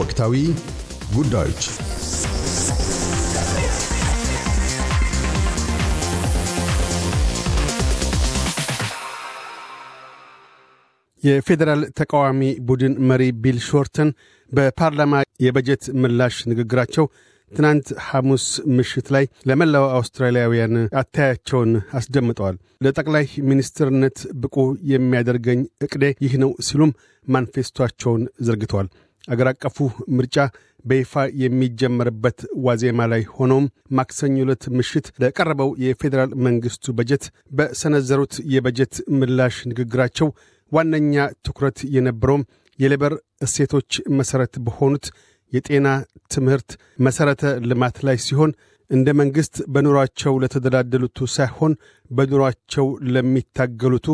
ወቅታዊ ጉዳዮች የፌዴራል ተቃዋሚ ቡድን መሪ ቢል ሾርተን በፓርላማ የበጀት ምላሽ ንግግራቸው ትናንት ሐሙስ ምሽት ላይ ለመላው አውስትራሊያውያን አታያቸውን አስደምጠዋል። ለጠቅላይ ሚኒስትርነት ብቁ የሚያደርገኝ እቅዴ ይህ ነው ሲሉም ማንፌስቶቸውን ዘርግተዋል። አገር አቀፉ ምርጫ በይፋ የሚጀመርበት ዋዜማ ላይ ሆኖም ማክሰኞ ዕለት ምሽት ለቀረበው የፌዴራል መንግስቱ በጀት በሰነዘሩት የበጀት ምላሽ ንግግራቸው ዋነኛ ትኩረት የነበረውም የሌበር እሴቶች መሠረት በሆኑት የጤና፣ ትምህርት፣ መሠረተ ልማት ላይ ሲሆን እንደ መንግሥት በኑሯቸው ለተደላደሉቱ ሳይሆን በኑሯቸው ለሚታገሉቱ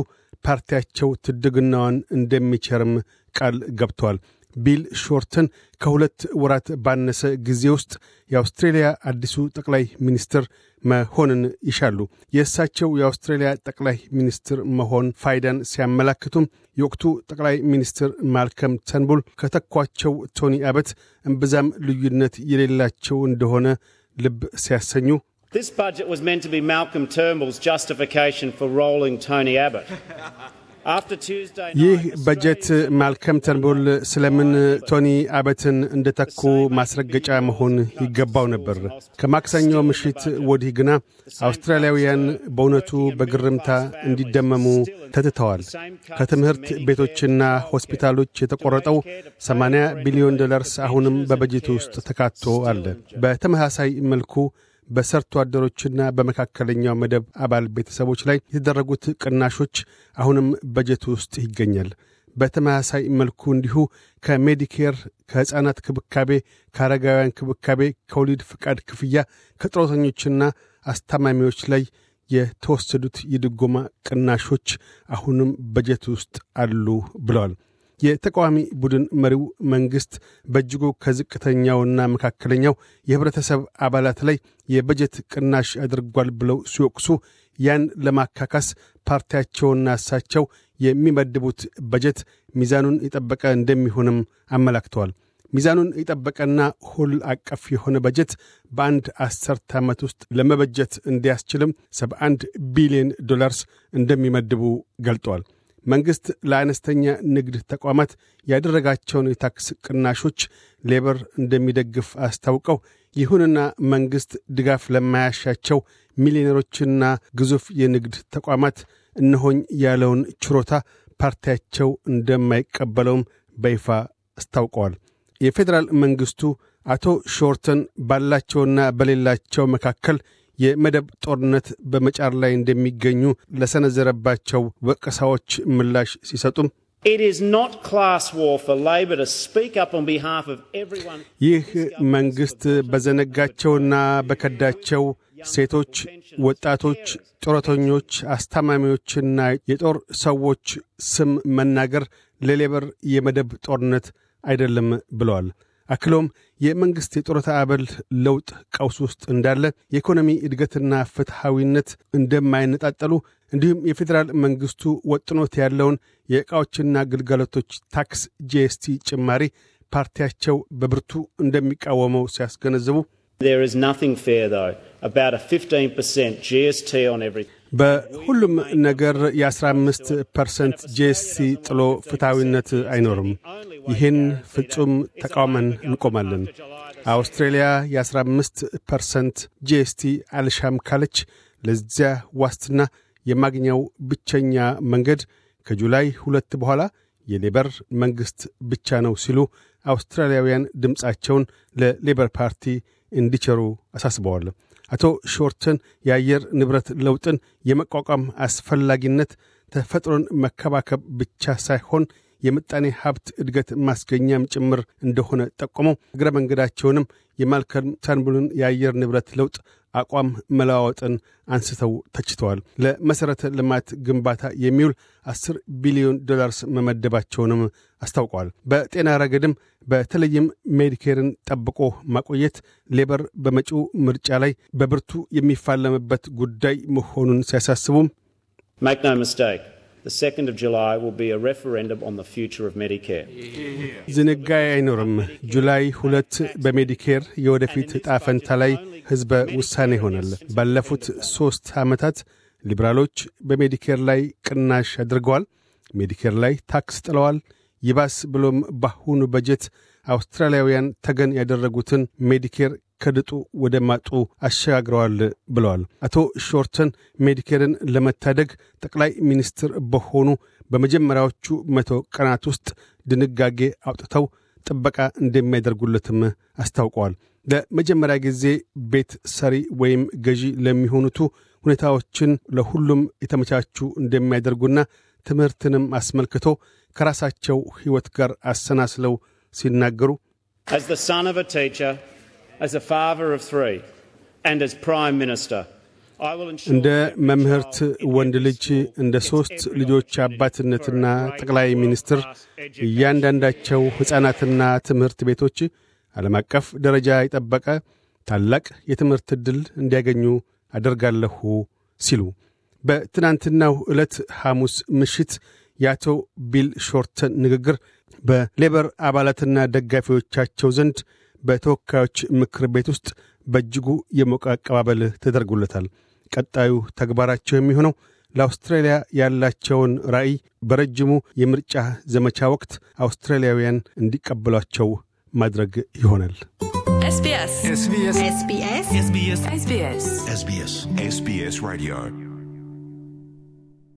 ፓርቲያቸው ትድግናዋን እንደሚቸርም ቃል ገብተዋል። ቢል ሾርተን ከሁለት ወራት ባነሰ ጊዜ ውስጥ የአውስትሬልያ አዲሱ ጠቅላይ ሚኒስትር መሆንን ይሻሉ። የእሳቸው የአውስትሬልያ ጠቅላይ ሚኒስትር መሆን ፋይዳን ሲያመላክቱም የወቅቱ ጠቅላይ ሚኒስትር ማልከም ተንቡል ከተኳቸው ቶኒ አበት እምብዛም ልዩነት የሌላቸው እንደሆነ ልብ ሲያሰኙ This budget was meant to be Malcolm Turnbull's justification for rolling Tony Abbott. ይህ በጀት ማልከም ተንቦል ስለምን ቶኒ አበትን እንደተኩ ማስረገጫ መሆን ይገባው ነበር። ከማክሰኞ ምሽት ወዲህ ግና አውስትራሊያውያን በእውነቱ በግርምታ እንዲደመሙ ተትተዋል። ከትምህርት ቤቶችና ሆስፒታሎች የተቆረጠው 80 ቢሊዮን ዶላርስ አሁንም በበጀቱ ውስጥ ተካቶ አለ። በተመሳሳይ መልኩ በሰርቶ አደሮችና በመካከለኛው መደብ አባል ቤተሰቦች ላይ የተደረጉት ቅናሾች አሁንም በጀት ውስጥ ይገኛል። በተመሳሳይ መልኩ እንዲሁ ከሜዲኬር፣ ከሕፃናት ክብካቤ፣ ከአረጋውያን ክብካቤ፣ ከወሊድ ፍቃድ ክፍያ፣ ከጡረተኞችና አስታማሚዎች ላይ የተወሰዱት የድጎማ ቅናሾች አሁንም በጀት ውስጥ አሉ ብለዋል። የተቃዋሚ ቡድን መሪው መንግሥት በእጅጉ ከዝቅተኛውና መካከለኛው የህብረተሰብ አባላት ላይ የበጀት ቅናሽ አድርጓል ብለው ሲወቅሱ ያን ለማካካስ ፓርቲያቸውና እሳቸው የሚመድቡት በጀት ሚዛኑን የጠበቀ እንደሚሆንም አመላክተዋል። ሚዛኑን የጠበቀና ሁል አቀፍ የሆነ በጀት በአንድ አስርት ዓመት ውስጥ ለመበጀት እንዲያስችልም 71 ቢሊዮን ዶላርስ እንደሚመድቡ ገልጠዋል። መንግሥት ለአነስተኛ ንግድ ተቋማት ያደረጋቸውን የታክስ ቅናሾች ሌበር እንደሚደግፍ አስታውቀው፣ ይሁንና መንግሥት ድጋፍ ለማያሻቸው ሚሊዮነሮችና ግዙፍ የንግድ ተቋማት እነሆኝ ያለውን ችሮታ ፓርቲያቸው እንደማይቀበለውም በይፋ አስታውቀዋል። የፌዴራል መንግሥቱ አቶ ሾርተን ባላቸውና በሌላቸው መካከል የመደብ ጦርነት በመጫር ላይ እንደሚገኙ ለሰነዘረባቸው ወቀሳዎች ምላሽ ሲሰጡም ይህ መንግሥት በዘነጋቸውና በከዳቸው ሴቶች፣ ወጣቶች፣ ጡረተኞች፣ አስታማሚዎችና የጦር ሰዎች ስም መናገር ለሌበር የመደብ ጦርነት አይደለም ብለዋል። አክሎም የመንግሥት የጡረታ አበል ለውጥ ቀውስ ውስጥ እንዳለ፣ የኢኮኖሚ እድገትና ፍትሐዊነት እንደማይነጣጠሉ እንዲሁም የፌዴራል መንግሥቱ ወጥኖት ያለውን የዕቃዎችና ግልጋሎቶች ታክስ ጂኤስቲ ጭማሪ ፓርቲያቸው በብርቱ እንደሚቃወመው ሲያስገነዝቡ በሁሉም ነገር የ15 ፐርሰንት ጂኤስቲ ጥሎ ፍትሐዊነት አይኖርም። ይህን ፍጹም ተቃውመን እንቆማለን። አውስትሬልያ የ15 ፐርሰንት ጄስቲ አልሻም ካለች ለዚያ ዋስትና የማግኛው ብቸኛ መንገድ ከጁላይ ሁለት በኋላ የሌበር መንግሥት ብቻ ነው ሲሉ አውስትራሊያውያን ድምፃቸውን ለሌበር ፓርቲ እንዲቸሩ አሳስበዋል። አቶ ሾርትን የአየር ንብረት ለውጥን የመቋቋም አስፈላጊነት ተፈጥሮን መከባከብ ብቻ ሳይሆን የምጣኔ ሀብት እድገት ማስገኛም ጭምር እንደሆነ ጠቆመው እግረ መንገዳቸውንም የማልከም ተርንቡልን የአየር ንብረት ለውጥ አቋም መለዋወጥን አንስተው ተችተዋል። ለመሠረተ ልማት ግንባታ የሚውል 10 ቢሊዮን ዶላርስ መመደባቸውንም አስታውቀዋል። በጤና ረገድም በተለይም ሜዲኬርን ጠብቆ ማቆየት ሌበር በመጪው ምርጫ ላይ በብርቱ የሚፋለምበት ጉዳይ መሆኑን ሲያሳስቡም Make no mistake. The 2nd of July will be a referendum on the future of Medicare. ዝንጋይ አይኖርም። ጁላይ ሁለት በሜዲኬር የወደፊት ዕጣ ፈንታ ላይ ሕዝበ ውሳኔ ይሆናል። ባለፉት ሦስት ዓመታት ሊበራሎች በሜዲኬር ላይ ቅናሽ አድርገዋል። ሜዲኬር ላይ ታክስ ጥለዋል። ይባስ ብሎም በአሁኑ በጀት አውስትራሊያውያን ተገን ያደረጉትን ሜዲኬር ከድጡ ወደ ማጡ አሸጋግረዋል ብለዋል። አቶ ሾርተን ሜዲኬርን ለመታደግ ጠቅላይ ሚኒስትር በሆኑ በመጀመሪያዎቹ መቶ ቀናት ውስጥ ድንጋጌ አውጥተው ጥበቃ እንደሚያደርጉለትም አስታውቀዋል። ለመጀመሪያ ጊዜ ቤት ሰሪ ወይም ገዢ ለሚሆኑቱ ሁኔታዎችን ለሁሉም የተመቻቹ እንደሚያደርጉና ትምህርትንም አስመልክቶ ከራሳቸው ሕይወት ጋር አሰናስለው ሲናገሩ As the son of a teacher, as a father of three, and as prime minister, እንደ መምህርት ወንድ ልጅ እንደ ሦስት ልጆች አባትነትና ጠቅላይ ሚኒስትር እያንዳንዳቸው ሕፃናትና ትምህርት ቤቶች ዓለም አቀፍ ደረጃ የጠበቀ ታላቅ የትምህርት ዕድል እንዲያገኙ አደርጋለሁ ሲሉ በትናንትናው ዕለት ሐሙስ ምሽት የአቶ ቢል ሾርተን ንግግር በሌበር አባላትና ደጋፊዎቻቸው ዘንድ በተወካዮች ምክር ቤት ውስጥ በእጅጉ የሞቀ አቀባበል ተደርጎለታል። ቀጣዩ ተግባራቸው የሚሆነው ለአውስትራሊያ ያላቸውን ራዕይ በረጅሙ የምርጫ ዘመቻ ወቅት አውስትራሊያውያን እንዲቀበሏቸው ማድረግ ይሆናል። SBS SBS SBS SBS SBS SBS Radio